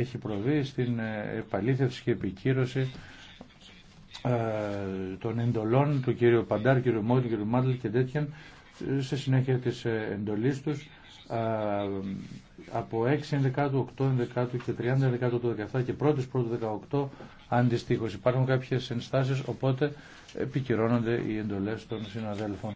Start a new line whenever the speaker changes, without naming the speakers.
έχει προβεί στην ε, επαλήθευση και επικύρωση ε, των εντολών του κύριου Παντάρ, κύριου Μόντου, κύριου Μάντλ και τέτοιων ε, σε συνέχεια της εντολής τους από 6 11, 8 11 και 30 11 17 και 1 πρώτου 18 αντιστοίχως. Υπάρχουν κάποιες ενστάσεις οπότε επικυρώνονται οι εντολές των συναδέλφων.